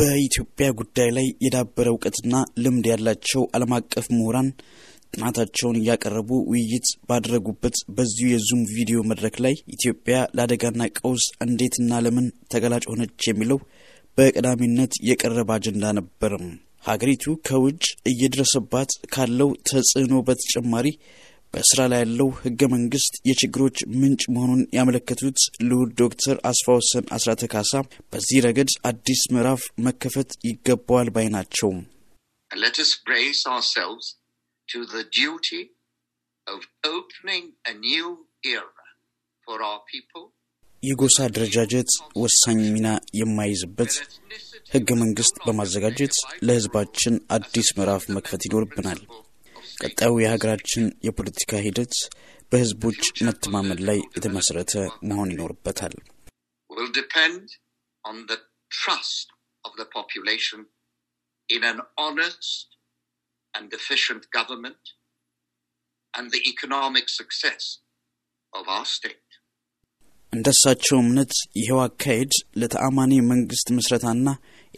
በኢትዮጵያ ጉዳይ ላይ የዳበረ እውቀትና ልምድ ያላቸው ዓለም አቀፍ ምሁራን ጥናታቸውን እያቀረቡ ውይይት ባደረጉበት በዚሁ የዙም ቪዲዮ መድረክ ላይ ኢትዮጵያ ለአደጋና ቀውስ እንዴትና ለምን ተገላጭ ሆነች የሚለው በቀዳሚነት የቀረበ አጀንዳ ነበርም። ሀገሪቱ ከውጭ እየደረሰባት ካለው ተጽዕኖ በተጨማሪ በስራ ላይ ያለው ህገ መንግስት የችግሮች ምንጭ መሆኑን ያመለከቱት ልዑል ዶክተር አስፋወሰን አስራተ ካሳ በዚህ ረገድ አዲስ ምዕራፍ መከፈት ይገባዋል ባይ ናቸው። የጎሳ አደረጃጀት ወሳኝ ሚና የማይዝበት ህገ መንግስት በማዘጋጀት ለህዝባችን አዲስ ምዕራፍ መክፈት ይኖርብናል። ቀጣዩ የሀገራችን የፖለቲካ ሂደት በህዝቦች መተማመን ላይ የተመሰረተ መሆን ይኖርበታል። እንደሳቸው እምነት ይኸው አካሄድ ለተአማኒ መንግስት ምስረታና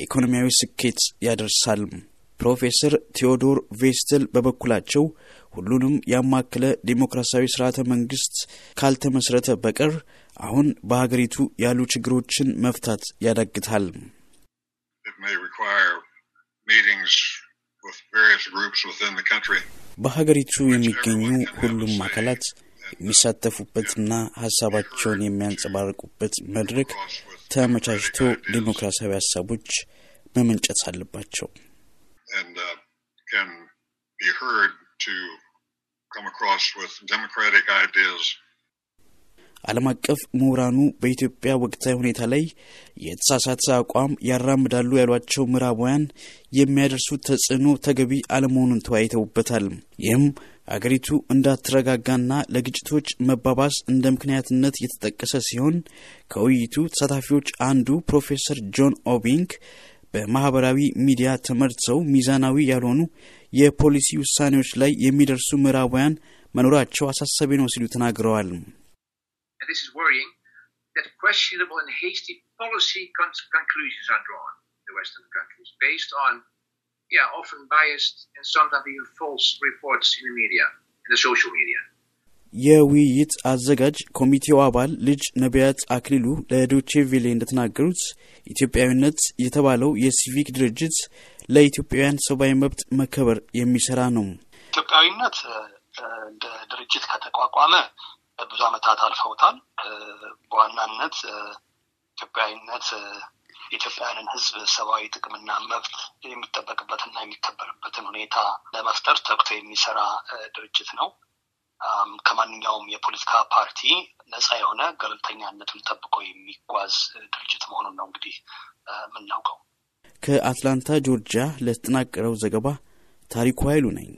ኢኮኖሚያዊ ስኬት ያደርሳልም። ፕሮፌሰር ቴዎዶር ቬስትል በበኩላቸው ሁሉንም ያማከለ ዴሞክራሲያዊ ስርዓተ መንግስት ካልተመስረተ በቀር አሁን በሀገሪቱ ያሉ ችግሮችን መፍታት ያዳግታል። በሀገሪቱ የሚገኙ ሁሉም አካላት የሚሳተፉበትና ሀሳባቸውን የሚያንጸባርቁበት መድረክ ተመቻችቶ ዴሞክራሲያዊ ሀሳቦች መመንጨት አለባቸው። and uh, can be heard to come across with democratic ideas. ዓለም አቀፍ ምሁራኑ በኢትዮጵያ ወቅታዊ ሁኔታ ላይ የተሳሳተ አቋም ያራምዳሉ ያሏቸው ምዕራባውያን የሚያደርሱት ተጽዕኖ ተገቢ አለመሆኑን ተወያይተውበታል። ይህም አገሪቱ እንዳትረጋጋና ለግጭቶች መባባስ እንደ ምክንያትነት የተጠቀሰ ሲሆን ከውይይቱ ተሳታፊዎች አንዱ ፕሮፌሰር ጆን ኦቢንግ በማህበራዊ ሚዲያ ተመርተው ሚዛናዊ ያልሆኑ የፖሊሲ ውሳኔዎች ላይ የሚደርሱ ምዕራባውያን መኖራቸው አሳሳቢ ነው ሲሉ ተናግረዋል። Yeah, often biased and sometimes even false reports in the media, in the social media. የውይይት አዘጋጅ ኮሚቴው አባል ልጅ ነቢያት አክሊሉ ለዶቼ ቬሌ እንደተናገሩት ኢትዮጵያዊነት የተባለው የሲቪክ ድርጅት ለኢትዮጵያውያን ሰብአዊ መብት መከበር የሚሰራ ነው። ኢትዮጵያዊነት እንደ ድርጅት ከተቋቋመ ብዙ ዓመታት አልፈውታል። በዋናነት ኢትዮጵያዊነት የኢትዮጵያውያንን ሕዝብ ሰብአዊ ጥቅምና መብት የሚጠበቅበትና የሚከበርበትን ሁኔታ ለመፍጠር ተግቶ የሚሰራ ድርጅት ነው። ከማንኛውም የፖለቲካ ፓርቲ ነፃ የሆነ ገለልተኛነቱን ጠብቆ የሚጓዝ ድርጅት መሆኑን ነው እንግዲህ የምናውቀው። ከአትላንታ ጆርጂያ ለተጠናቀረው ዘገባ ታሪኩ ኃይሉ ነኝ።